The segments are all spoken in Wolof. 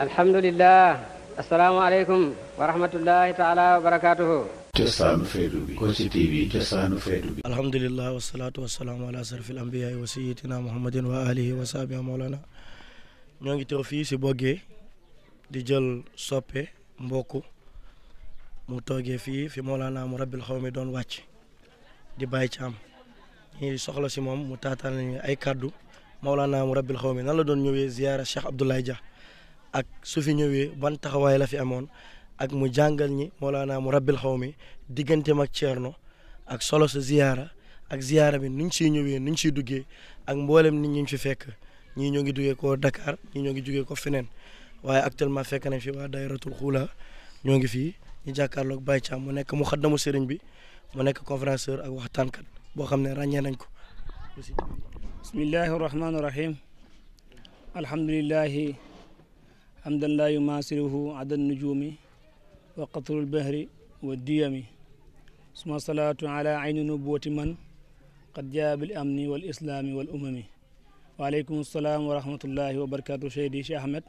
alhamdulilah asalaamaaleykum wa rahmatullahi taala wa barakaatuhu cosaanu feetu bi Kossy TV cosaanu feetu bi alhamdulilah wasalaatu wasalaamu ala asrafil ambiyaay wa sayidina muhammadin wa alihi wa sahbi mawlana ñoo ngi teew fii si boggee di jël soppe mbokk mu toogee fii fi mawlana mu rabbil xaw mi doon wàcc di bàyyi caam ñuy soxla si moom mu taataan ay kàddu mawlana mu rabbil xaw mi nan la doon ñëwee ziyaara Cheikh Abdoulaye Dia ak su fi ñëwee ban taxawaay la fi amoon ak mu jàngal ñi moo laa naa mu rabbil xaw mi digganteem ak no ak solo sa ziyaara ak ziyaara bi nuñ siy ñëwee ñu siy duggee ak mbooleem nit ñu fi fekk ñii ñoo ngi duggee ko Dakar ñi ñoo ngi jugee ko feneen waaye actuellement fekk nañ fi waa Dayratul Xula ñoo ngi fii ñu jàkkaarloog Baye mu nekk mu xaddamu sëriñ bi mu nekk conférencier ak waxtaankat boo xam ne ràññee nañ ko. bismillahi rahmaani rahim alhamdulillahi حمدا لا يماثله عدد النجوم وقطر البهر والديم ثم الصلاة على عين نبوة من قد جاء بالأمن والإسلام والأمم وعليكم السلام ورحمة الله وبركاته سيدي شيخ أحمد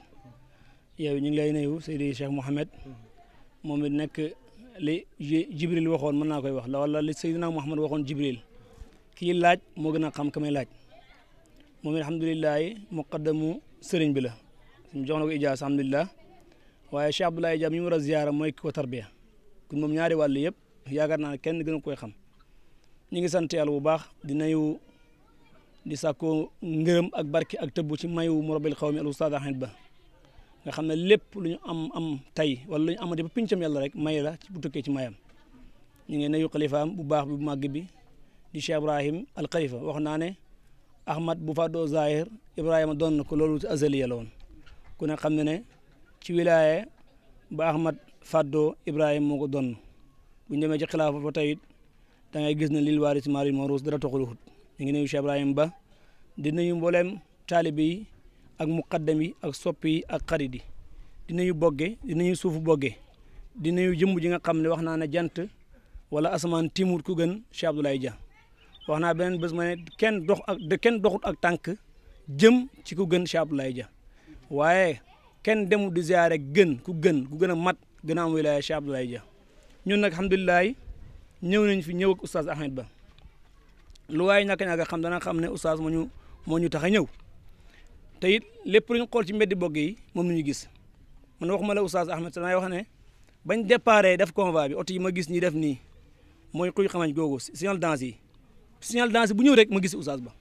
yow ñu ngi lay nuyu Seydi Cheikh Mouhamed moom it nekk li Jibril waxoon mën naa koy wax la wala li Seydina Mouhamed waxoon Jibril kii laaj moo gën a xam ka may laaj moom it alhamdulilah muqaddamu sëriñ bi la jox na ko ijaas alhamdulilah waaye Cheikh Abdoulaye Dia mi ñu war a ziyaara mooy ki ko tarbiya kon moom ñaari wàll yëpp yaakaar naa kenn gën a koy xam ñu ngi sant yàlla bu baax di nuyu di sàkkoo ngërëm ak barke ak tëbb ci mayu murabil xaw mi al ustaad Ahmed Ba nga xam ne lépp lu ñu am am tey wala lu ñu amati ba pincam yàlla rek may la bu tukkee ci mayam ñu ngi nuyu bu baax bi bu màgg bi di Cheikh Ibrahim al wax naa ne Ahmad bu fa doo Zahir Ibrahima doon na ko loolu ci la woon ku ne xam ne ne ci wilaaye ba Ahmad fado ibrahim moo ko donn bu ñu demee ci xilaafa ba tey dangay gis ne lil waaris maalil mawruus dara toxul xut ñu ngi nuyu Cheikh Ibrahima ba di nuyu mbooleem taalibe yi ak muqaddam ak soppi ak karidi yi di nuyu bogge di nuyu suufu bogge di nuyu jëmm ji nga xam ne wax naa ne jant wala asamaan timut ku gën Cheikh ja wax naa beneen bés ma ne ak kenn tànk jëm ci ku gën Cheikh ja waaye kenn demul di ziare gën ku gën ku gën a mat gën a am wilaaya Cheikh Abdoulaye Dia ñun nag alhamdulilah ñëw nañ fi ñëw ak oustaz Ba lu waaye ñàkk ñàkk xam dana xam ne oustaz moo ñu moo ñu tax a ñëw te it lépp lu ñu xool ci mbeddi bogg yi moom la ñu gis man waxuma la oustaz Ahmed danaay wax ne bañ déparé def convoi bi oto yi ma gis ñi def nii mooy xuy xamañ googu signal danse yi signal danse bu ñëw rek ma gis oustaz ba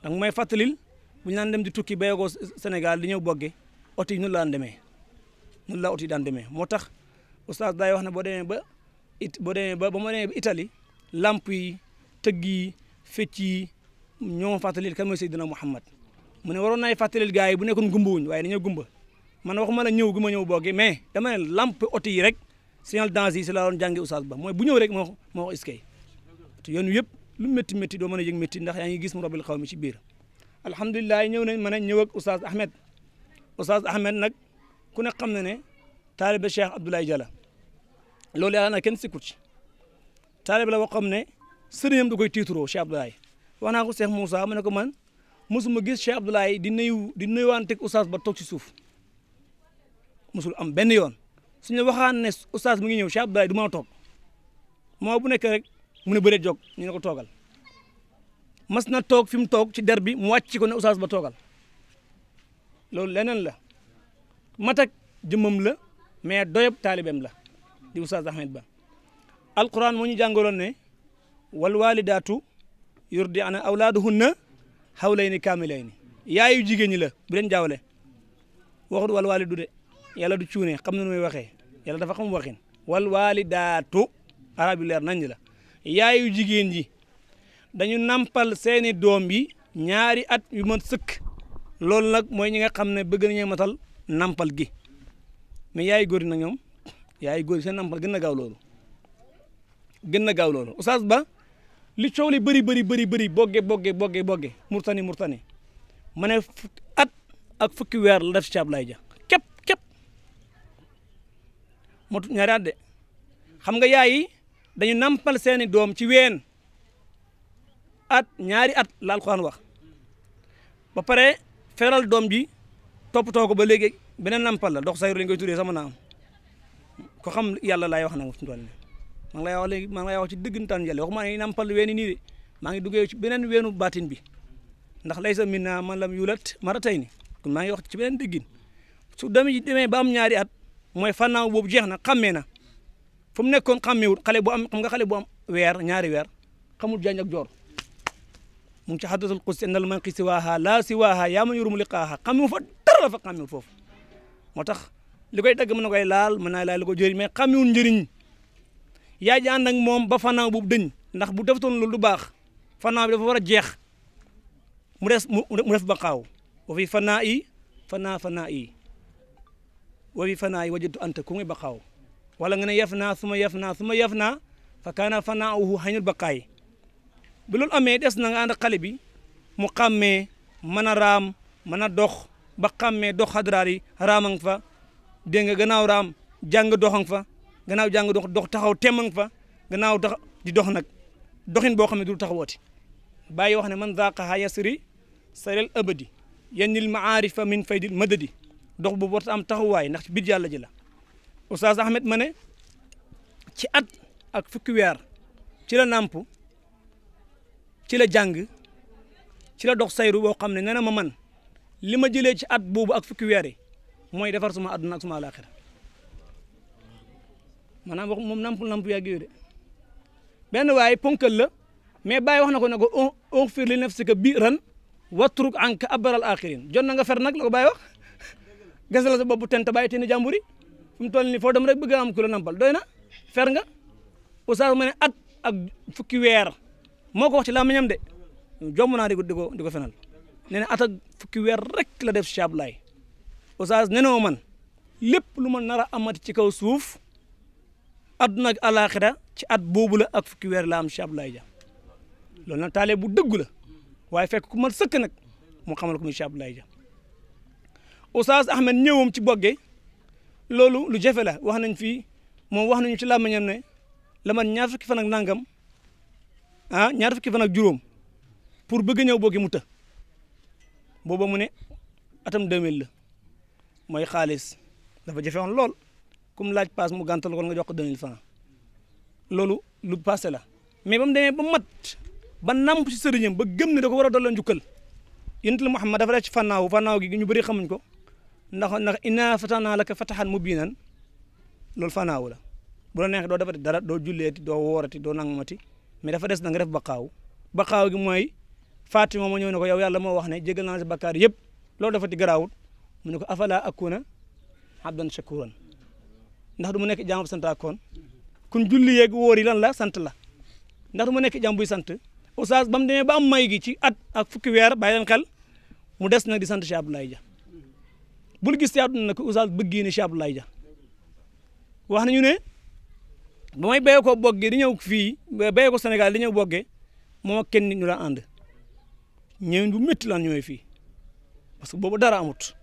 ndax may fàttalil bu ñu daan dem di tukki béyagoo Sénégal di ñëw bogge oto yi noonu la daan demee noonu daan deme moo tax oustaz daay wax na boo demee ba it boo demee ba ba ma demee ba yi tëgg yi fecc yi ñoo ma Seydina Muhammad mu waroon naay fàttalil gars yi bu nekkoon gumba wuñ waaye dañoo gumba man waxuma la ñëw gu ma ñëw bogge mais dama ne lamp oto yi rek signal danger yi si laa doon jànge oustaz ba mooy bu ñëw rek moo moo iskay te yoon yëpp lu métti métti doo mën a yëg métti ndax yaa ngi gis mu rabil xaw mi ci biir alhamdulilah ñëw nañ mën a ñëw ak oustaz Ahmed oustaz Ahmed nag ku ne xam na ne taalibe Cheikh Abdoulaye jala loolu yàlla na kenn sikkut ci taalibe la boo xam ne sëriñam da koy tiituroo Cheikh Abdoulaye wax naa ko Cheikh Moussa mu ne ko man mosuma gis Cheikh Abdoulaye di nuyu di nuyuwaanteeg oustaz ba toog ci suuf mosul am benn yoon suñu waxaan ne oustaz mu ngi ñëw Cheikh Abdoulaye du mën a toog moo bu nekk rek mu ne bëreet jóg ñu ne ko toogal. mas na toog fi mu toog ci der bi mu wàcc ko ne oustaz ba toogal loolu leneen la matak jëmmam la mais doyob taalibeem la di oustaz Ahmed Ba alquran moo ñu jàngaloon ne wal walidaatu yurdi ana awlaaduhunna hawlayni kaamilayni yaayu jigéen ñi la bu leen jaawale waxut wal walidu de yàlla du cuune xam na nu waxee yàlla dafa xam waxin wal walidaatu arab yu leer nañ la yaayu jigéen ji dañu nampal seeni doom bi ñaari at yu mën sëkk loolu nag mooy ñi nga xam ne bëgg nañu matal nampal gi mais yaay góor na ñoom yaay góor seen nampal gën na gaaw loolu gën na gaaw loolu oustaz ba li coow li bëri bëri bëri bëri bogge bogge bogge bogge murtani murtani ma ne at ak fukki weer la def ci Ablaye Dia képp képp mot ñaari at de xam nga yaay yi dañu nampal seeni doom ci ween at nyari at la alxuraan wax ba pare feral bi top to ko ba léegi beneen nampal la dox sayru li ngay touré sama naam ko xam yalla lay wax na ci ndol ma ngi lay wax léegi ma ngi lay wax ci dëggantaan yàlla waxuma ni? nampal weeni nii de maa ngi duggee ci benen batine bi ndax laysa minna man lam yulat maratayni kon maa ngi wax ci benen dëggin su dami ji demé ba am ñaari at moy fanaw bobu jeexna na fum na fu mu nekkoon xàmmeewul xale bu am xam nga xalé bu am wèr ñaari wèr xamul jagn ak jor mu ngi ci xaddatul qudsi innal manqi siwaaha laa siwaaha yaa man yurumu liqaaha xam mu fa dara la fa xamul foofu moo tax li koy dagg mën na koy laal mën naa laal li ko jëriñ mais xamul njëriñ yaa ji moom ba fanaaw bu dëñ ndax bu toon loolu du baax fanaaw bi dafa war a jeex mu des ba xaaw wa fanaa yi fanaa fanaa fanaa yi wajatu anta ba xaaw wala nga ne yaf naa suma yaf naa suma yaf na fa kaana fanaahu xañul baqaay bu loolu amee des na nga ànd xale bi mu xàmmee mën a raam mën a dox ba xàmmee dox xadraar yi raamang fa dégg nga gannaaw raam jàng doxang fa gannaaw jàng dox dox taxaw temang fa ganaaw tax di dox nag doxin boo xam ne dul taxawooti bàyyi wax ne man zaqaha yasri sarel abadi yenil maarifa min faydil madadi dox bu warta am taxawaay ndax ci biir yàlla ji la Oustaz Ahmed ma ne ci at ak fukki weer ci la nàmp ci la jang ci la dox sayru bo xamne ne ma man lima jele ci at bobu ak fukki wéré moy défar suma aduna ak suma alakhir manam wax moom namp namp yàgg yooyu de benn waaye la mais bay wax nako nako on fur li nafsi bi ran watruk anka abral akhirin. jot na nga fer nak lako bay wax gëstu la sa bobu ten te bàyyi jamburi jàmbur dem rek bëgg am ku la nampal doy na fer nga oustaz ne at ak fukki wéré moo ko wax ci làmmiñam de jomb naa di ko di ko di ko fenal fukki weer rek la def si Ablaye Oustaz nee na man lépp lu man nar a amati ci kaw suuf adduna ak alaxira ci at boobu la ak fukki weer la am si Ablaye Dia loolu nag taalee bu dëgg la waaye fekk ku mat sëkk nag mu xamal ko muy si Ablaye Dia Oustaz Ahmed ñëwam ci bogge loolu lu jafe la wax nañ fi moom wax nañu ci làmmiñam ne la man ñaar fukki fan ak nangam. ah ñaar fukki fan ak juróom pour bëgg ñëw boogi mu të booba mu ne atam 2000 la mooy xaalis dafa jafe woon lool kum laaj paas mu gàntal ko nga jox ko 2000 francs loolu lu passé la mais ba mu demee ba mat ba namp ci sëriñam ba gëm ne da ko war a dolloo njukkal yonent la Muhammad dafa def ci fannaaw fannaaw gi ñu bëri xamuñ ko ndax ndax innaa fatahnaa laka fatahan mubiinan loolu fannaaw la bu la neexee doo defati dara doo julleeti doo woorati doo nangamati mais dafa des na nga def baqaaw baqaaw gi mooy Fatima ma ñëw ne ko yow yàlla moo wax ne jégal naa si bakkaar yëpp loolu dafa ti mu ne ko afala akuna abdan shakuran ndax du mu nekk jaam bu sant akoon kun julli yeeg wóor yi lan la sant la ndax du mu nekk jaam sant oustaz ba mu demee ba am may gi ci at a fukki weer bàyyi leen xel mu des nag di sant Cheikh lay ja bul gis ci àdduna nag oustaz bëggee ne Cheikh Abdoulaye Dia wax ba may béyee ko boggee di ñëw fii béyee ko senegal di ñëw boggee moo kenn nit ñu la ànd ñëw bu métti lan ñëwee fii parce que boobu dara amut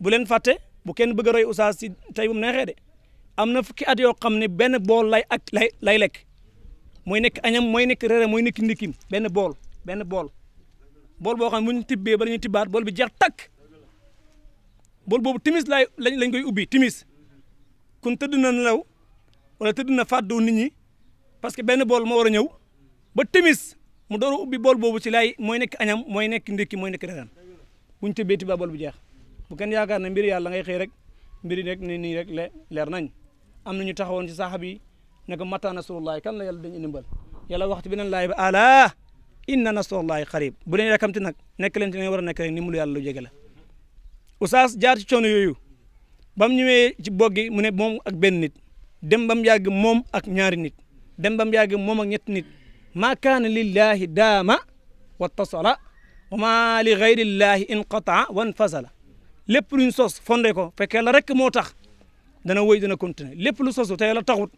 bu leen fàtte bu kenn bëgg a roy oustaz si tey bu mu neexee de am na fukki at yoo xam ne benn bool lay ak lay lay lekk mooy nekk añam mooy nekk reere mooy nekk ndikkim benn bool benn bool bool boo xam ne bu ñu tibbee ba la ñuy tibbaat bool bi jeex takk bool boobu timis laay lañ koy ubbi timis kun tëdd na nelaw wala tëdd na fàddu nit ñi parce que benn bool moo war a ñëw ba timis mu door ubbi bool boobu ci laay mooy nekk añam mooy nekk ndekki mooy nekk reeraan bu ñu tëbbee ba bool bu jeex bu kenn yaakaar na mbir yàlla ngay xëy rek mbir yi rek ne nii rek leer nañ am na ñu taxawoon ci saaxa bi ne ko mata nasrullahi kan la yàlla dañu ndimbal yàlla waxtu bi neen laay ba ala inna nasrullahi xarib bu leen yàkkamti nag nekk leen ne war a nekk rek ni mu yàlla lu jege la jaar ci coono yooyu ba mu ñëwee ci boggi mu ne moom ak benn nit dem ba mu moom ak ñaari nit dem ba mu moom ak ñetti nit maa kaana lillahi daama wattasala wa maa li gayrillahi inqataa fasala lépp luñ sos fonde ko fekk yàlla rek moo tax dana wëy dana continuer lépp lu sosu te la taxut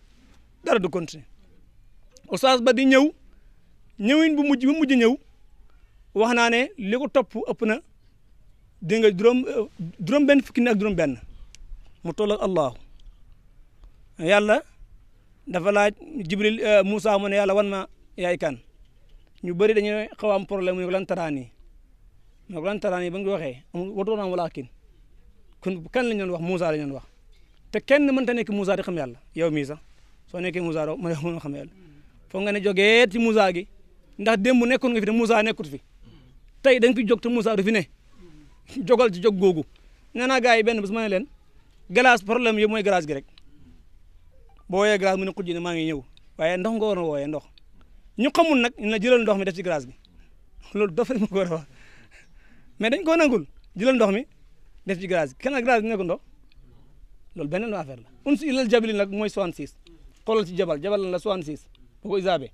dara du continuer oustaz ba di ñëw ñëwin bu mujj bu mujj ñëw wax naa ne li topp ëpp na di nga juróom juróom ak juróom benn mu toll ak allahu yàlla dafa laaj Jibril euh, Moussa mu ne yàlla wan ma yaay kan ñu bëri dañuy xaw a am problème mu lan taraan yi mu ne ko lan taraan yi ba nga waxee warutoon am walaakin kon kan lañ doon wax Moussa lañ doon wax te kenn mënta nekk Moussa di xam yàlla yow mii sax soo nekkee Moussa doo mën a xam yàlla foog nga ne jógee ci musa gi ndax démb nekkoon nga fi te Moussa nekkut fi tey da fi jog te Moussa du fi ne jogal ci jog googu nee naa gars yi benn bés ma ne leen glace problème yëpp mooy glace gi rek. boo wooyee glace mu ne xujj ne maa ngi ñëw waaye ndox nga war a wooyee ndox ñu xamul nag ñu ne jëlal ndox mi def ci glace bi loolu dafa ma ko war a wax mais dañ koo nangul jëlal ndox mi def ci glace bi kenn glace bi ne ko ndox loolu beneen affaire la uns ilal jabali nag mooy 66 xoolal ci jabal jabal la 66 boo ko isaabe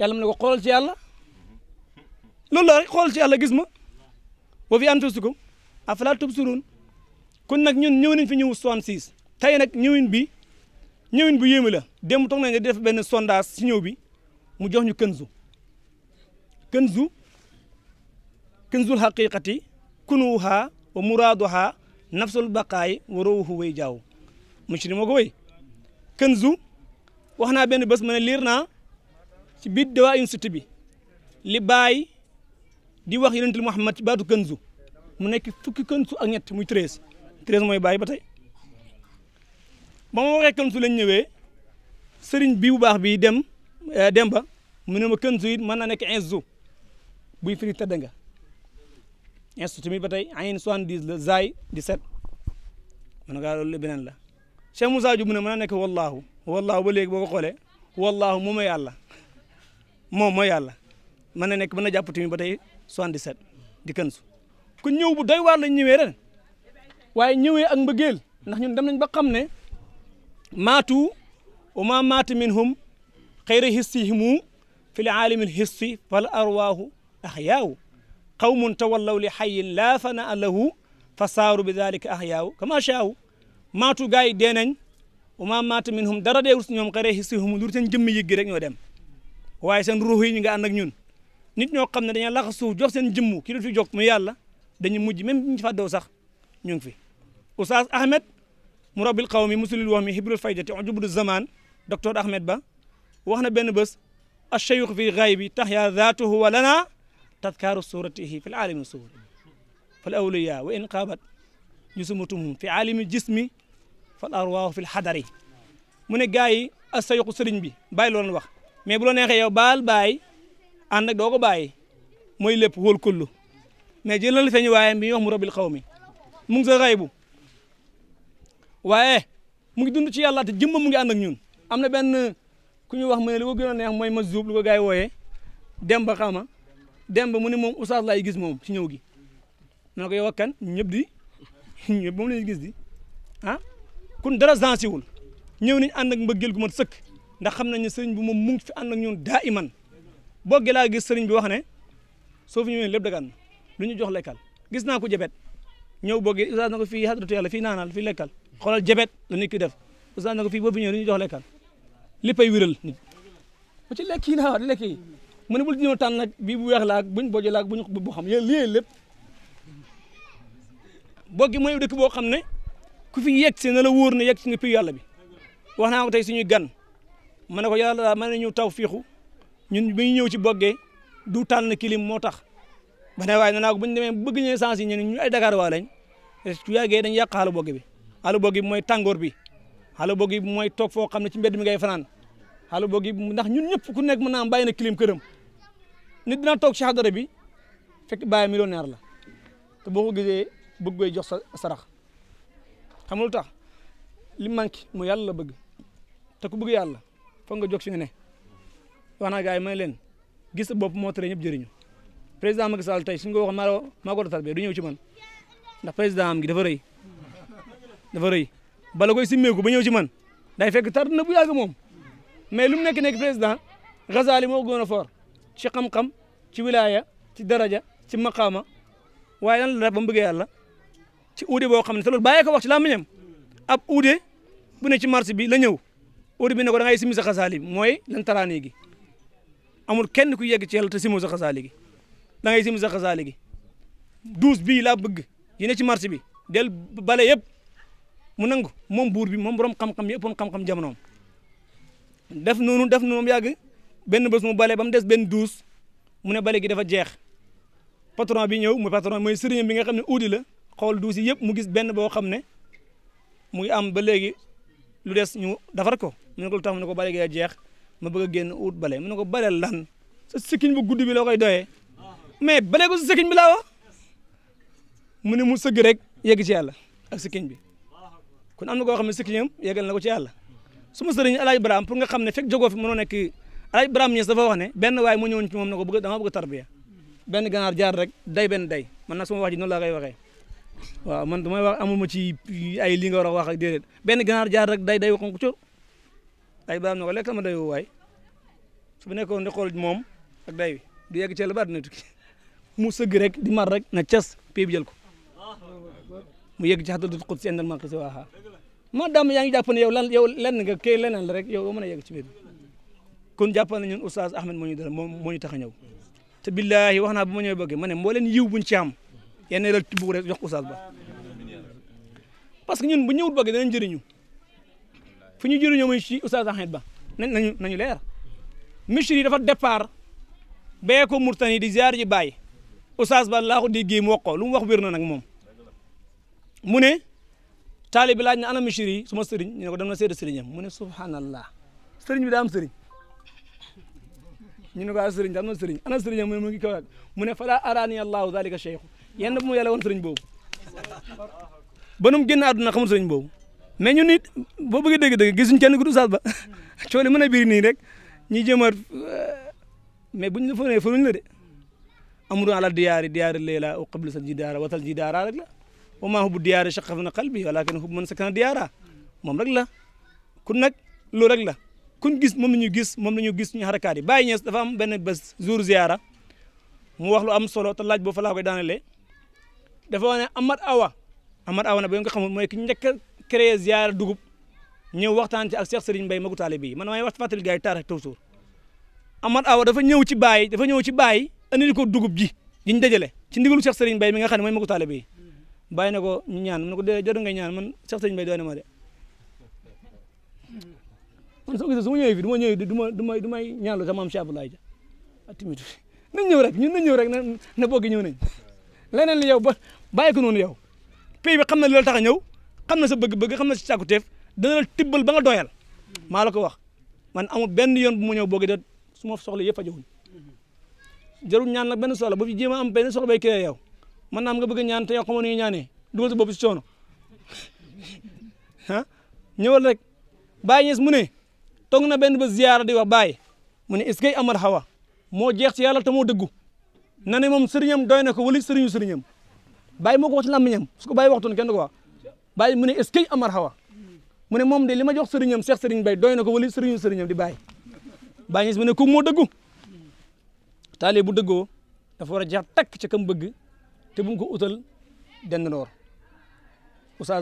yàlla mu ne ko xoolal ci yàlla loolu la rek xoolal ci yàlla gis ma wa fi anfusikum afala tubsirun kon nag ñun ñëw nañ fi ñëw 66 tey nag ñëwin bi ñëwin bu yéeme la démb toog nañ di def benn sondage si ñëw bi mu jox ñu kënzu kënzu kënzul xaqiqati kunuuhaa wa muraaduhaa nafsul baqaay wa rawuhu way jaaw mu ci ni moo ko wéy wax naa benn bës ma ne liir naa ci biir dawaa institut bi li bàyyi di wax yonentul Muhammad ci baatu kënzu mu nekk fukki kënzu ak ñett muy treize treize mooy bàyyi ba tey ba ma waxee Kanzu la ñëwee sëriñ bi bu baax bii dem eh, dem ba mu ne ma Kanzu it mën na nekk Izzu buy firi tëdd nga Izzu tamit ba tey ayin soixante-dix la zaay dix-sept mën ngaa ah, loolu beneen la Cheikh Moussa Diop mu ne mën na nekk wallaahu wallaahu ba léegi boo ko xoolee wallaahu moom mooy yàlla moom mooy yàlla mën na nekk mën na jàpp tamit ba tey soixante-dix-sept di Kanzu ku ñëw bu doy waar lañ ñëwee ren waaye ñëwee ak mbëggeel ndax ñun dem nañ ba xam ne maatu wa ma maata minhum xayra hissihimu fi l aalami lhissi fal arwaahu axyaawu qawmun tawallaw li xayin laa fanaa lahu fa saaru bi dalika axyaawu kama chaawu maatu gars yi dee nañ wa ma maata minhum dara deewul si ñoom xayra hissihum lu seen jëmm yëggi rek ñoo dem waaye seen ruux yi ñu nga ànd ak ñun nit ñoo xam ne dañoo laxa suuf jox seen jëmm ki jok fi jóg mu yàlla dañu mujj même ñu fàddoo sax ñu ngi fi Oustaz Ahmed murabil qawmi musulil wahmi hibrul faydati ujubdu zaman docteur Ahmed Ba wax na benn bés acheyux fi gaybi taxya zaatuhu wa lana tadkaaru suratihi fi alaalami suur fal awliya wa in qaabat jusumatuhum fi aalami jismi fal arwaahu fi lxadari mu ne gars yi asayuxu sëriñ bi bàyyi loolu wax mais bu la neexee yow baal bàyyi ànd ak doo ko bàyyi mooy lépp wóol kullu mais jëlal feeñ waaye bi ñuy wax mu rabil xaw mi mu ngi sa xaybu waaye mu ngi dund ci yàlla te jëmmam mu ngi ñun am na benn ku ñu wax mu ne li ko gën a neex mooy ma zuub lu ko gars wooyee Demba xama Demba mu ne moom oustaz laay gis moom ci ñëw gi na ko yow ak kan ñëpp di ñëpp moom lañu gis di ah kun dara wul ñëw nañ ànd ak mbëggeel gu mat sëkk ndax xam nañ ne sëriñ bi moom mu fi ànd ak ñun daa iman boo laa gis sëriñ bi wax ne soo fi ñëwee lépp dagaan na lu ñu jox lekkal gis naa ko jabet ñëw bogge oustaz na ko fii xadratu yàlla fii naanal fii lekkal xoolal jabet la nit ki def oustaz ko fii boo fi ñëwee ñu jox lekkal léppay wéral nit bu ci lekk yi naa lekk yi mu ne bul ñëw tànn nag bii bu weex laag buñ bojjee laag buñ bu xam yéen lii lépp boo gi mooy dëkk boo xam ne ku fi yegg si na la wóor na yegg si nga piyu yàlla bi wax naa ko tey suñuy gan ma ne ko yàlla mën nañu taw fiixu ñun bi ñu ñëw ci boggee du tànn kilim moo tax ba ne waaye nee naa ko bu ñu demee bëgg ñee sens yi ñu ay Dakar waa lañ su yàggee dañ yàq xaalu bi xaluboog gi mooy tàngoor bi xaluboog gi mooy toog foo xam ne ci mbedd mi ngay fanaan xaluboog gi ndax ñun ñëpp ku nekk mën naa am bàyyi na clim këram nit dina toog ci bi fekk bàyyi millionnaire la te boo ko gisee bëgg koy jox sa sarax xam lu tax li manqué mu yàlla la bëgg te ku bëgg yàlla foog nga jox fi nga ne wax naa gars yi may leen gis sa bopp moo tere ñëpp jëriñu président Macky Sall tey suñ ko waxoon maa maa ko doon tarbe du ñëw ci man ndax président am gi dafa rëy dafa rëy bala koy simmeeku ba ñëw ci man day fekk tard na bu yàgg moom mais lu mu nekk nekk président Ghazali moo gën a fort ci xam-xam ci wilaya ci daraja ci maqaama waaye lan la def ba mu bëggee yàlla ci uude boo xam ne te loolu bàyyee ko wax ci làmmiñam ab uude bu ne ci marché bi la ñëw uude bi ne ko da ngay simmi sa Ghazali mooy lan taraanee gi amul kenn ku yegg ci yàlla te simmoo sa Ghazali gi da ngay simmi sa Ghazali gi douze bii laa bëgg yi ci marché bi del bale yëpp mu nangu moom buur bi moom borom xam-xam yi ëppoon xam-xam jamonoom def noonu def noonu yàgg benn bés mu bale ba mu des benn douze mu ne bale gi dafa jeex patron bi ñëw mu patron mooy sëriñam bi nga xam ne uudi la xool douze yi yëpp mu gis benn boo xam ne mu ngi am ba léegi lu des ñu defar ko mu ne ko lu tax mu ne ko bale gi jeex ma bëgg a génn uut bale mu ne ko bale lan sa sikkiñ bu guddi bi loo koy doyee mais bale ko sa bi laa wax mu ne mu sëgg rek yegg ci ak sikkiñ bi kon am na koo xam ne sikkiñam yegal na ko ci yàlla su ma sëriñ alaaj ibrahim pour nga xam ne fekk jógoo fi mënoo nekk alaaj ibrahim ñees dafa wax ne benn waaye mu ñëwoon ci moom na ko bëgg dama bëgg tarbiya benn ganaar jaar rek day benn day man nag su ma wax ji noonu laa koy waxee waaw man damay wax amul ma ci ay li nga war a wax ak déedéet benn ganaar jaar rek day day waxoon ko cóor alaaj ibrahim na ko lekk ma day waay su bu nekkoon di xool moom ak day wi du yegg ci la baat na tukki mu sëgg rek di mar rek na cas pee bi jël ko mu yëg jaxdatul qudsi indal ma qisiwaaha ma daam yaa ngi jàpp ne yow lan yow lenn nga kii leneen la rek yow mën a yegg ci biir kon jàpp na ñun oustaz Ahmed moo ñu dara moo moo ñu tax a ñëw te billaahi wax naa bu ma ñëwee bëgg ma ne moo leen yiw buñ ci am yenn la tibb rek jox oustaz ba parce que ñun bu ñëwul bëgg danañ jëriñu fu ñu jëriñoo muy ci oustaz Ahmed ba nañu nañu leer Misri dafa départ bee ko Murtani di ziar ji bàyyi oustaz ba laa ko déggee mu wax ko lu mu wax wér na nag moom mu ne taali bi laaj na ana michir yi suma sëriñ ñu ne ko dem na seede sëriñam mu ne subhanallah sëriñ bi daa am sëriñ ñu ne ko a sëriñ da am ana sëriñam mu ne mu ngi kaw mu ne fala arani allahu zalika bu mu yàlla woon sëriñ boobu ba nu mu génn àdduna xamul sëriñ boobu mais ñun boo bëggee dégg-dégg gisuñ kenn ku du Oustaz Ba coole mën a nii rek ñi jëmaat mais buñ la fa nee faruñ la de amru ala diyaari diyaari leela wa qablu sa jidaara watal wa maa hubbu diyaara shaqqa min qalbi walaakin hubbu man sakkana diyaara moom rek la kun nag loolu rek la kuñ gis moom la ñu gis moom la ñu gis suñu xarakaat yi Baye dafa am benn bés jour ziara mu wax lu am solo te laaj boo fa laa koy daanalee dafa wax ne Amat Awa Amat Awa nag ba nga xamul mooy ki njëkk a créé dugub ñëw waxtaan ci ak Cheikh Serigne Mbaye magu taale bii man maay wax fàttali gars yi taar ak toujours Amat Awa dafa ñëw ci Baye dafa ñëw ci Baye andil ko dugub ji diñ dajale ci ndigalu Cheikh Serigne Mbaye mi nga xam ne mooy magu taale bii bayina ko ñu ñaan mu ko de jot nga ñaan man cheikh seigne bay doy ma de man so gisee su ñëw fi duma ñëw duma duma duma ñaan lu sama am Cheikh Abdoulaye Dia atimit ah, nañ ñëw rek ñu nañ ñëw rek na na ñëw nañ leneen li yow ba bay ko non yow pays bi xamna lool tax ñëw xamna sa bëgg-bëgg xamna na sa teef da na tibbal ba nga doyal ma la ko wax man amu ben yoon bu mu ñëw boog de suma soxla yëpp a joxuñ jarul ñaan nak ben soxla bu fi jéem am ben soxla bay créé yow mën naa am nga bëgg a ñaan te yow xamoo nu ñuy ñaanee dugal sa ñëwal rek Baye Niass mu ne toog na benn ba ziyaara di wax Baye mu ne est-ce que Amar Hawa moo jeex ci yàlla moo dëggu na ne moom sëriñam doy na ko wala sëriñu sëriñam Baye moo ko wax ci làmmiñam su ko Baye waxtoon kenn du ko wax Baye mu ne est-ce Amar Hawa mu ne moom de li ma jox sëriñam Cheikh Sëriñ Bay doy na ko wala sëriñu sëriñam di Baye Baye Niass mu ne ku moo dëggu taale bu dëggoo dafa war a jeex takk ca kam bëgg te bu mu ko utal dend noor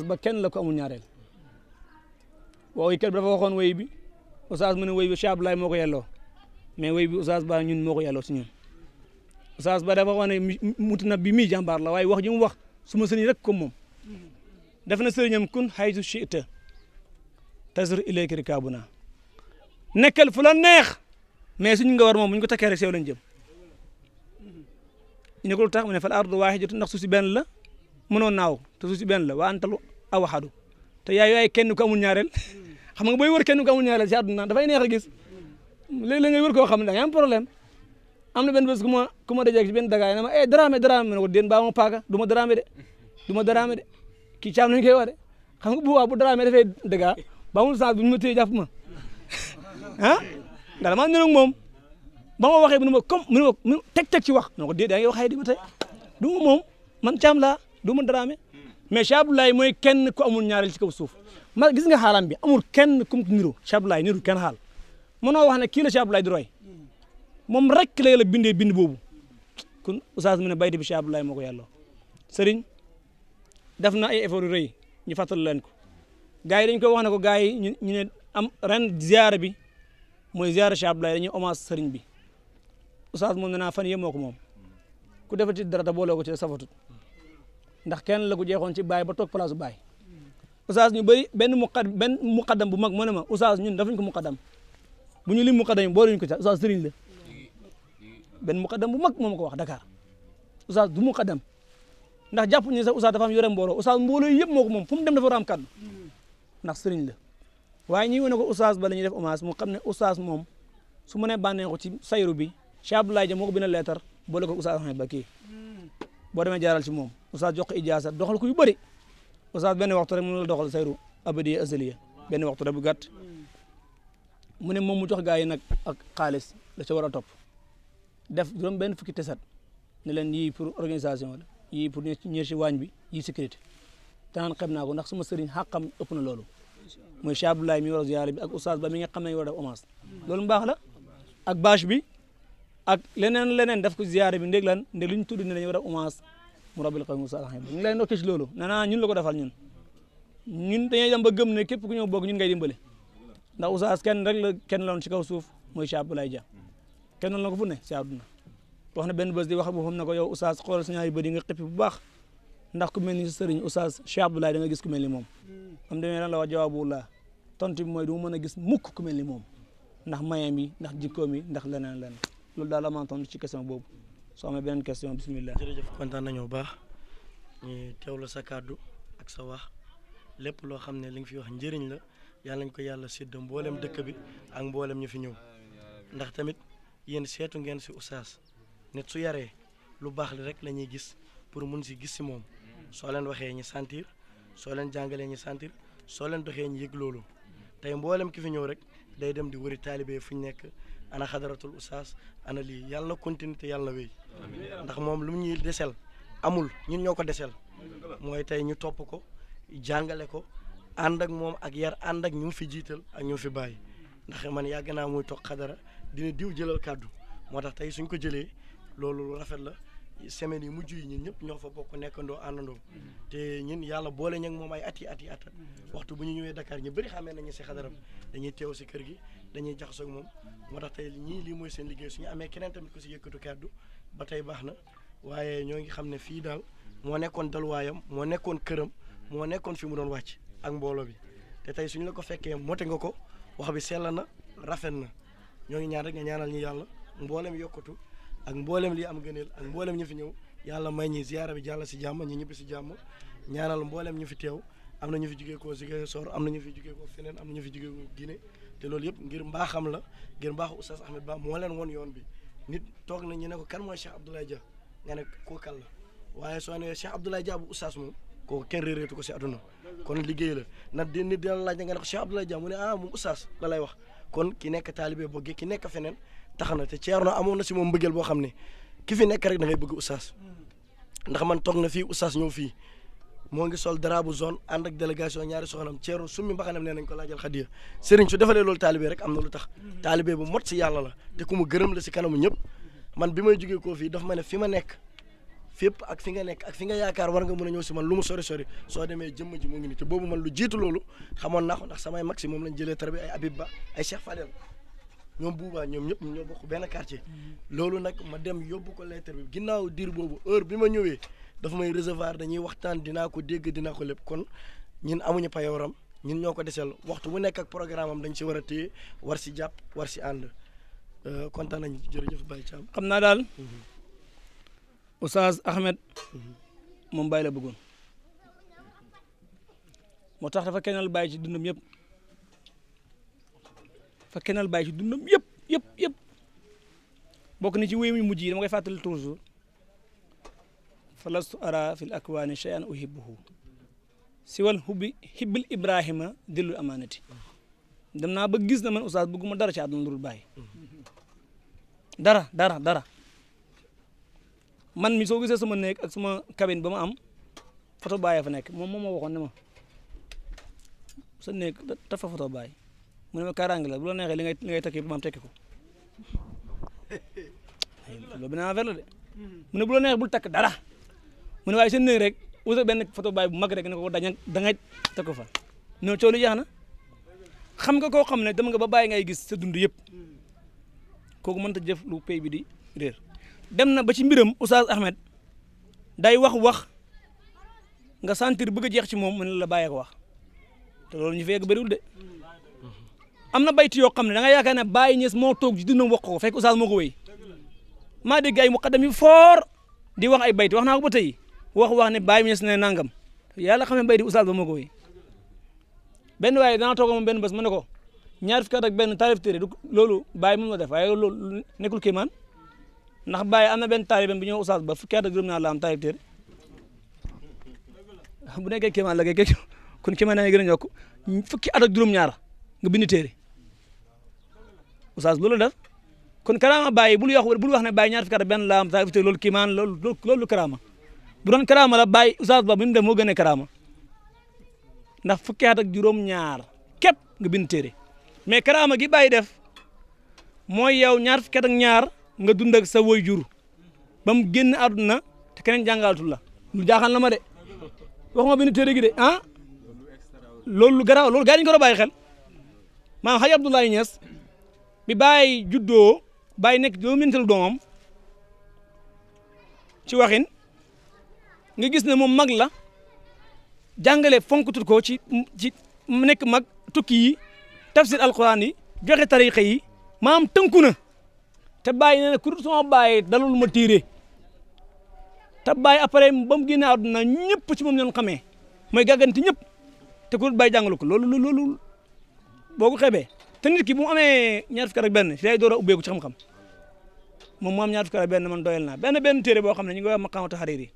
ba kenn la ko amul ñaareel waaw bi dafa waxoon woy bi oustaz mu ne woy bi Cheikh Abdoulaye moo ko yelloo mais woy bi oustaz ba ñun moo ko yelloo ñun oustaz ba dafa waxoon ne muti na bi mii jàmbaar la waaye wax ji mu wax suma sëriñ rek comme moom def na sëriñam kun xaytu chita tasr ilayka rikaabuna nekkal fu la neex mais suñ nga war moom bu ñu ko takkee rek lañ jëm ñu ne ko lu tax mu ne fal ardu waaxidatun ndax suuf si benn la mënoon naaw te suuf si benn la wa antalu awaxadu te yaay yaay kenn ku amul ñaareel xam nga booy wër kenn ku amul ñaareel si àdduna dafay neex a gis léeg-léeg ngay wër koo xam ne da nga am problème am na benn bés ku ma ku ma dajeeg si benn dagaay ma eh daraame daraame ma ne ko déen baa ma paaka du ma daraame de du ma de kii caam nañu koy wax de xam nga bu waa bu daraame dafay dagaa ba amul sens bu ñu ma téye jàpp ma ah dara moom ba ma waxee mu ne ma comme mu ne ma teg teg ci wax non ko déet yaa ngi wax ay di ba moom man caam la du ma daraame mais Cheikh Abdoulaye mooy kenn ku amul ñaareel ci kaw suuf ma gis nga xaalam bi amul kenn ku mu niroo Cheikh Abdoulaye niru kenn xaal mënoo wax ne kii la Cheikh Abdoulaye moom rek la yàlla bindee bind boobu kon oustaz mu ne bayti bi Cheikh moo ko yàlloo sëriñ def na ay effort yu rëy ñu fàttali leen ko gars yi dañ koy wax ne ko gars yi ñu ne am ren ziara bi mooy ziara Cheikh Abdoulaye dañuy hommage sëriñ bi oustaz moom ne naa fan yëpp moo ko moom ku defati dara te boole ko ci safatut ndax kenn la ko jeexoon ci baay ba toog place baay oustaz ñu bëri benn muqad benn muqaddam bu mag mu ne ma oustaz ñun dafuñ ko muqaddam bu ñu lim muqaddam yi booluñu ko ca oustaz sëriñ la ben muqaddam bu mag moom ko wax Dakar oustaz du muqaddam ndax jàpp ñu sax oustaz dafa am yore mbooloo oustaz mbooloo yëpp moo ko moom fu mu dem dafa war a am kaddu ndax sëriñ la waaye ñi wane ko oustaz ba la ñuy def hommage mu xam ne oustaz moom su mu ne bànnee ko ci bi Cheikh Abdoulaye Dia moo ko bindal leetar boole ko Oustaz Ahmed Baki boo demee jaaral ci moom Oustaz jox ko ijaasa doxal ko yu bëri Oustaz benn waxtu rek mu la doxal sayru abadiya azaliya benn waxtu rek bu gàtt mu ne moom mu jox gaa yi nag ak xaalis la ca war a topp def juróom benn fukki teset ne leen yii pour organisation la yii pour ñëw ci waañ bi yii sécurité te naan xam naa ko ndax suma sëriñ xàqam ëpp na loolu muy Cheikh Abdoulaye mi bi ak Oustaz ba mi nga xam ne war a loolu mbaax la ak bi ak leneen leneen def ko ziyaare bi ndég lan ndég lu ñu tudd ne dañu war a umaas mu rabbil xaw musa alxam ñu ngi lay ndokkee ci loolu nee naa ñun la ko defal ñun ñun dañuy dem ba gëm ne képp ku ñëw bokk ñun ngay dimbale ndax usaas kenn rek la kenn loon ci kaw suuf mooy Cheikh Abdoulaye Dia kenn loon la ko fu ne ci àdduna wax na benn bés di wax boppam ne ko yow usaas xoolal sa ñaari bët yi nga xippi bu baax ndax ku mel ni sëriñ usaas Cheikh Abdoulaye da nga gis ku mel ni moom am demee lan la wax jawaabullah tontu bi mooy du mën a gis mukk ku mel ndax mayam yi ndax jikkoom yi ndax leneen leneen loolu daal amaa tontu ci question boobu soo amee beneen question bisimilah. jërëjëf nañu bu baax ñu sa kàddu ak sa wax lépp loo xam ne li nga fi wax njëriñ la yàlla nañ ko yàlla sédd mbooleem dëkk bi ak mbooleem ñu fi ñëw ndax tamit yéen seetu ngeen si oustaz nit su yaree lu baax li rek lañuy gis pour mun si gis si moom soo leen waxee ñu sentir soo leen jàngalee ñu sentir soo leen doxee ñu yëg loolu tey mboolem ki fi ñëw rek day dem di wëri taalibe fu ñu nekk. ana xadaratul oustaz ana lii yàlla continuité yàlla wéy ndax moom lu mu ñuy desel amul ñun ñoo ko desel mooy tey ñu topp ko jàngale ko ànd ak moom ak yar ànd ak ñu mu fi jiital ak ñu fi bàyyi ndax man yàgg naa mooy toog xadara dina diw jëlal kàddu moo tax tey suñ ko jëlee loolu rafet la semaines yi mujj yi ñun ñëpp ñoo fa bokk nekkandoo àndandoo te ñun yàlla boole ñag moom ay at yi at yi at waxtu bu ñu ñëwee Dakar ñu bëri xamee nañu si xadaram dañuy teew si kër gi dañuy jaxasoo ak moom moo tax tey ñii lii mooy seen liggéey suñu amee keneen tamit ku si yëkkatu kaddu ba tey baax na waaye ñoo ngi xam ne fii daal moo nekkoon dalwaayam moo nekkoon këram moo nekkoon fi mu doon wàcc ak mbooloo bi te tey suñu la ko fekkee mote nga ko wax bi sell na rafet na ñoo ngi ñaan rek nga ñaanal ñu yàlla mboolem yokkatu ak mbooleem li am gëneel ak mboolem ñu fi ñëw yàlla may ñi ziyaara bi jàll si jàmm ñi ñibbi si jàmm ñaanal mboolem ñu fi teew am na ñu fi jugee koo Ziguinchor am na ñu fi jugee koo feneen am na ñu fi jugee koo Guinée te loolu yëpp ngir mbaaxam la ngir mbaaxu Oustaz Ahmed Ba moo leen won yoon bi nit toog na ñu ne ko kan mooy Cheikh Abdoulaye Dia nga ne ko kan la waaye soo ne Cheikh Abdoulaye Dia bu Oustaz moom kooku kenn réeréetu ko si àdduna kon liggéey la nag di nit dina laaj nga ne ko Cheikh Abdoulaye mu ne ah moom Oustaz la lay wax kon ki nekk taalibe boog ki nekk feneen tax na te ceer Thierno amoon na si moom mbëggeel boo xam ne ki fi nekk rek da ngay bëgg oustaz ndax man toog na fii oustaz ñëw fii moo ngi sol dara bu zone ànd ak délégation ñaari ceer Thierno summi mbaxanam nee nañ ko laajal xadiya Serigne su defalee loolu taalibe rek am na lu tax taalibe bu mot si yàlla la te ku mu gërëm la si kanamu ñëpp man bi may jugee koo fii daf ma ne fi ma nekk fépp ak fi nga nekk ak fi nga yaakaar war nga mën a ñëw si man lu mu sori sori soo demee jëmm ji mu lu jiitu loolu xamoon naa ko ndax samay mag moom lañ jëlee tarbi ay Abib Ba ay Cheikh Fadel ñoom buubaa ñoom ñëpp ñoo bokk benn quartier. loolu nag ma dem yóbbu ko lettre bi ginnaaw diir boobu heure bi ma ñëwee dafa may recevoir dañuy waxtaan dinaa ko dégg dinaa ko lépp kon ñun amuñu payooram ñun ñoo ko deseel waxtu bu nekk ak programme dañ si war a téye war si jàpp war si ànd euh, kontaan nañ jërëjëf Baye Thiam. xam naa daal mhm. Oustaz Ahmed mhm. moom Baye la bëggoon moo tax dafa kennal Baye ci dundam yëpp. fa kenal bàyyi ci dundam yëpp yëpp yëpp bokk na ci wéy mi mujj yi dama koy fàttali toujours fa lastu ara fi l akwaani cheyan uhibbuhu si wal hubbi hibbil ibrahima dillul amaanati dem naa ba gis na man oustaz bëgguma dara ci àdduna dul bàyyi dara dara man mi soo gisee sama néeg ak sama cabine ba ma am photo bàyyi fa nekk moom moom ma ma sa néeg dafa photo bàyyi mu ne ma kaaraange la bu la neexee li ngay li ngay takki ko loolu beneen affaire de mu bu la neexee bul takk dara mu ne waaye seen néeg rek wutal benn photo baay bu mag rek ne ko dañ da ngay takk fa non coow lu jeex na xam nga koo xam ne dem nga ba bàyyi ngay gis sa dund yëpp kooku mënta lu pay bi di réer dem na ba ci mbiram Oustaz Ahmed day wax wax nga santir bëgg a jeex ci moom mu la bàyyi ko wax te loolu ñu fi yegg de. amna bayti yo xamne da nga yaakaar ne Baye ñes mo tok ci dundam wax ko fekk oustaz moo ko wéy maa dégg ay muqaddam yu di wax ay bayti waxna ko ba tay wax wax ne Baye ñes ne nangam yalla xamne bayti oustad ba moo ko ben way da na togo mo ben bes mu ñaar fikat ak ben taalif tere lolu Baye mu la def lolu nekul nekkul man ndax Baye amna na benn taalibam bu ñëw oustad ba fikat ak juróom-ñaar la am taalif téere bu nekkee la gay kun kéemaan man ngay gëna a fukki at ak juróom nga bindi téere oustaz loolu def kon karaama bàyyi bul wax bul wax ne bàyyi ñaar fukki at benn laam saa loolu kiimaan loolu loolu karaama bu doon karaama la bàyyi oustaz ba bu ñu moo gën a karaama ndax fukki at ak juróom-ñaar képp nga bind téere mais karaama gi bàyyi def mooy yow ñaar fukki at ak ñaar nga dund ak sa waajur ba mu génn àdduna te keneen jàngalatul la lu jaaxal na ma de waxuma bind téere gi de ah? loolu lu garaaw loolu gaa ñu ko doon bàyyi xel maanaam Hadj Abdoulaye Niass. bi bàyyi juddoo bàyyi nekk doomintal doomam ci waxin nga gis ne moom mag la jàngale fonkatut ko ci ci nekk mag tukki yi tafsir alquran yi joxe tariqa yi maam tënku na te bàyyi nee na kur sama bàyyi dalul ma tiire te bàyyi après ba mu génne àdduna ñëpp ci moom ñoon xamee mooy gàggante ñëpp te kur bàyyi jàngalu ko loolu loolu boo ko xebee te nit ki bu amé ñaar fukk rek ben ci lay doora a ubbeeku ci xam-xam mom mo am ñaar fukk rek ben man doyal na ben ben téré bo xamné ñi ñu ngi wax maqaamu taxariir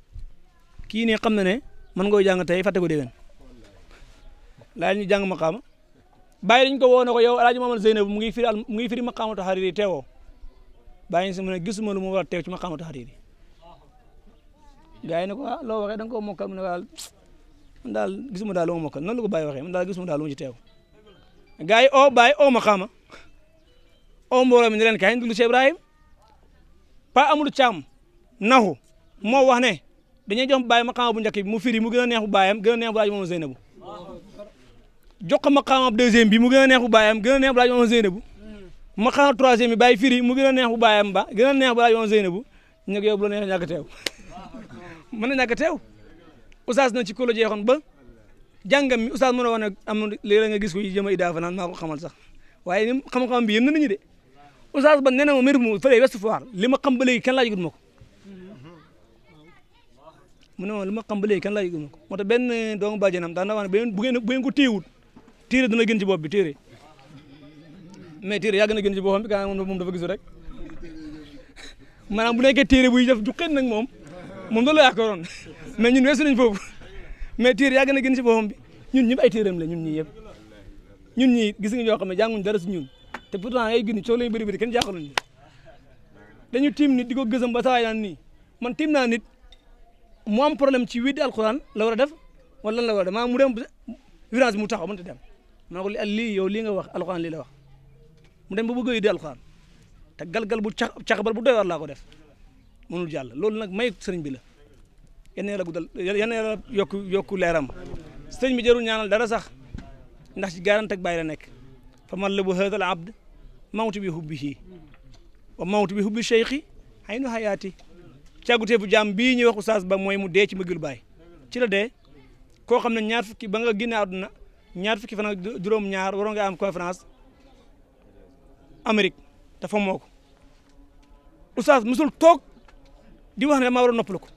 ki ni xamné né man ngoy jang tay faté ko déwén laaj ñu jang maqaama bay liñ ko woo ko yow alaaji mamad zainab mu ngi fi mu ngi fi maqaamu taxariir téwo bay ñu si gisuma lu mu war téw ci maqaamu taxariir yi ko ah, lo waxe dang ko mokal mu ne daal man gisuma dal lu ma mokkal noonu ko bay waxe dal gisuma dal lu ci teew gars yi oo oh, bàyyi oo oh, ma xaama oo oh, mbooloo mi ne leen kaay dund Cheikh Ibrahim Pa Amadou Thiam naxu moo wax ne dañuy jox bàyyi maqaama bu njëkk bi mu firi mu gën a neexu bàyyam gën a neexu laaj moom Zeynabu jox ko maqaama deuxième bi mu gën a neexu bàyyam gën a neexu laaj moom Zeynabu maqaama troisième bi bàyyi firi mu gën a neexu bàyyam ba gën a neexu laaj moom Zeynabu ñu ne ko yow bu la neexee ñàkk teew mën na ñàkk teew oustaz na ci kolo jeexoon ba jàngam mi oustaz mën a wax ne am léeg nga gis ko jëm a idaafa naan maa ko xamal sax waaye ni xam-xam bi yëm nañu de oustaz ba nee na ma mérite mu fële li ma xam ba léegi kenn laajagut ma ko mu ne ma li ma xam ba léegi kenn laajagut ma ko moo tax benn doomu bàjjenam daan na wax ne bu ngeen bu ngeen ko téewut téere dina gën ci bi téere mais téere yàgg na gën ci boppam bi kaa moom dafa gisu rek maanaam bu nekkee téere buy def juqeen nag moom moom loolu la yaakaaroon mais ñun weesu nañ foofu mais téere yaa gën a gën ci boppam bi ñun ñëpp ay téeram la ñun ñii yëpp ñun ñii gis nga ñoo xam ne dara si ñun te pourtant ay gën coow lañu bëri bëri kenn jaaxalul ñu dañu tim nit di ko gësam ba saa naan nii man tim na nit mu am problème ci weddi alxuraan la war def wala lan la war a def maanaam mu dem virage mu taxaw mënta dem ma ne ko lii yow lii nga wax alxuraan li la wax mu dem ba bëgg a weddi alxuraan gal gal bu cax bu doy war ko def mënul jàll loolu nag may sëriñ bi la yan yàlla guddal yan yàlla yokku yokku leeram sëñ bi jarul ñaanal dara sax ndax ci garante ak bàyyi la nekk fa man la bu haadal abd mawtu bi hubbihi wa mawtu bi hubbi ay aynu hayaati càggutee bu jàmm bii ñuy wax oustaz ba mooy mu dee ci mbëggul baay ci la dee koo xam ne ñaar fukki ba nga génnee àdduna ñaar fukki fan ak juróom-ñaar waroon nga am conférence Amérique dafa moo ko oustaz musul toog di wax ne damaa war a noppalu ko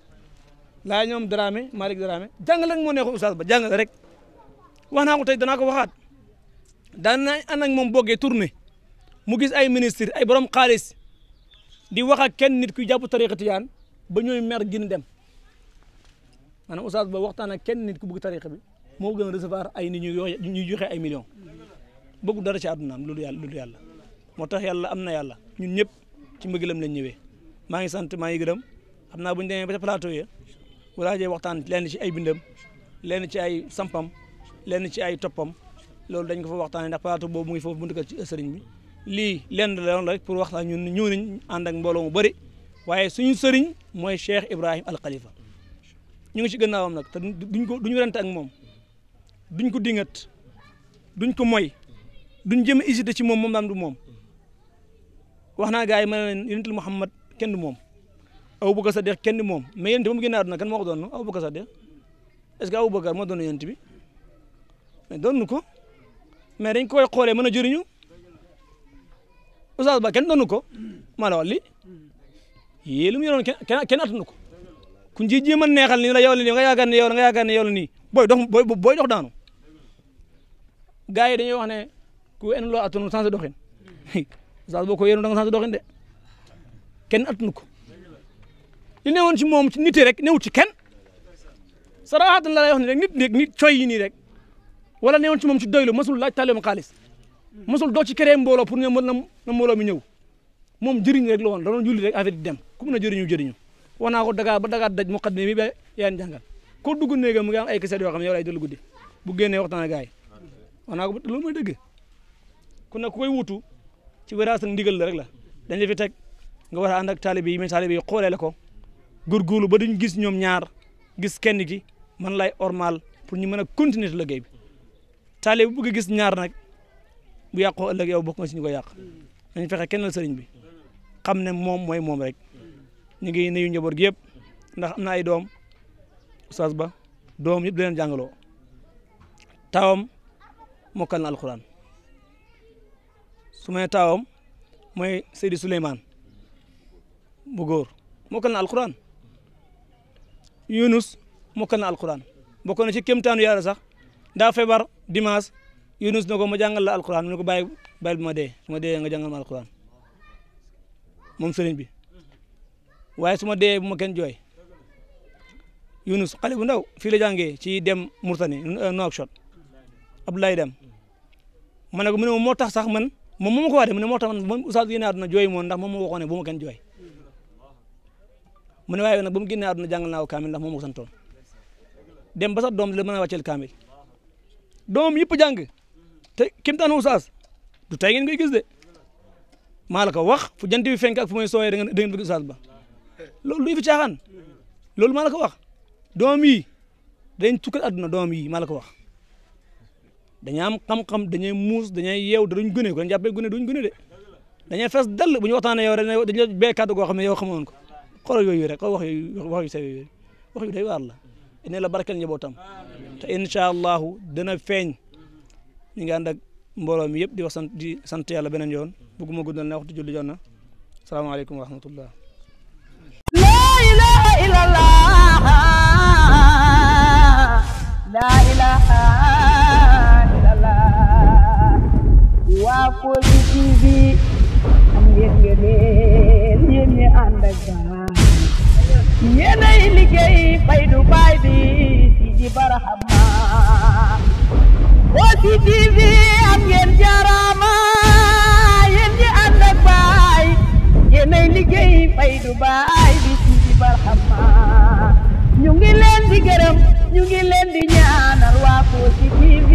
la ñom Dramé malik Dramé jàngale rek mo neexul oustad ba jàngale rek waxna ko tay dana ko waxat dan na an ak mom bogué tourner mu gis ay ministre ay borom xaalis di wax ak kenn nit ku jàpp tariqa tijaan ba ñoy mer gin dem man oustad ba waxtana kenn nit ku bëgg tariqa bi mo gën recevoir ay nit ñu joxe ay millions bëggu dara ci aduna loolu yalla loolu yalla motax yalla amna yalla ñun ñëpp ci mbëggeelam lañ ñëwé ma ngi sant ma ngi buñu démé ba plateau ya walaajee waxtaan lenn ci ay bindam lenn ci ay sampam lenn ci ay toppam loolu dañ ko fa waxtaanee ndax plateau boobu mu ngi foofu buntu kër ci sëriñ bi lii lenn la yoon rek pour waxtaan ñun ñëw nañ ànd ak mbooloo mu suñu Cheikh Ibrahim Al Khalifa ñu ngi ci gënnaawam nak te duñ ko duñ rente ak moom duñ ko dingat duñ ko moy duñ jëm hésité ci mom mom. daam du mom wax naa ma ne leen Muhammad kenn du mom Abubakar Saddeq kenn moom mais yonent bi mu génn àdduna kan moo ko doon Abubakar Saddeq est que Abubakar moo doon yonent bi mais doonu ko mais dañ koy xoolee mën a jëriñu Oustaz Ba kenn doonu ko maa la wax li yéen lu mu yoroon kenn kenn nu ko ku nji jéem a neexal ni la yow la nii nga yaakaar nii booy dox booy booy dox daanu gars yi dañuy wax ne ku en loo attanu sans doxin Oustaz boo ko yéenu da nga doxin de kenn attanu ko. ne newoon ci moom ci nite rek newut ci kenn sarawaatan la lay wax rek nit nit nit coy yi nii rek wala newoon ci moom ci doylu masul laaj taalibe xaalis masul doo ci créé mbooloo pour ne mën na mbooloo mi ñëw moom jëriñ rek la woon da doon julli dem ku mun jëriñu jëriñu wax naa ko dagaa ba dagaa daj muqaddime mi ba yaan jàngal ko dugg néegam mu ngi am ay kaset yoo xam ne yow lay dellu guddi bu génnee waxtaan ak gars naa ko loolu mooy kon nag ku koy wutu ci wéraas ndigal la rek la dañ la fi teg nga war a ànd ak taalibe yi mais taalibe la ko gur ba duñ gis ñom ñaar gis kenn gi man lay ormal pour ñu mëna continuer Tali liggéey bi talé bu bëgg gis ñaar nak bu yaqo ëlëk yow bokk ci ñu ko yàq dañ kenn la sëriñ bi xamné mom moy mom rek ñi ngi nuyu njaboot gi yëpp ndax amna na ay doom oustaz ba doom yëpp dañu leen tawam taawam mokkal na alxuraan su ma Seydou bu gor na alquran Yunus mokkal na alquran bokk na ci kéemtaanu yàlla sax daa feebar dimanche Yunus na ko ma jàngal la alquran mu ne ko bàyyi bàyyi bu ma dee su ma dee nga jàngal ma alquran moom sëriñ bi waaye su ma dee bu ma kenn jooy Yunus xale bu ndaw fii la jàngee ci dem Mourtani euh, Nouakchott Abdoulaye Dem ma ne ko mu ne moo tax sax man moom moo ko wax de mu ne moo tax man man oustaz yéen a àdduna jooy moon ndax moom moo waxoon ne bu ma kenn jooy mu ne waaye nag ba mu génnee àdduna jàngal naa ko kaamil ndax moom moo santoon dem ba sax doom la mën a wàcceel kaamil doomam yëpp jàng te kim taan oustaz du tey ngeen koy gis de maa la ko wax fu jant bi fenk ak fu may sooyee da ngeen da ngeen ba loolu du fi caaxaan loolu maa la ko wax doom yi dañ tukkal àdduna doom yi maa la ko wax dañuy am xam-xam dañuy muus dañuy yeew dañu da ko dañu jàppee gëne duñ gëne de dañuy fees dell bu ñu waxtaanee yow da dañuy bee kàddu goo xam ne yow xamoon ko xoolal yooyu rek xool wax yooyu wax yu sew yooyu wax yu day waar la di wax di sant yàlla beneen yoon bëgguma guddal na waxtu julli jot na salaamaaleykum wa rahmatullah laa ilaha illallah laa ilaha illallah Wakoly yéenay liggéey Faydu Baay bi Sidi ñu ngi leen di gërëm ñu ngi leen di ñaanal waa Kossy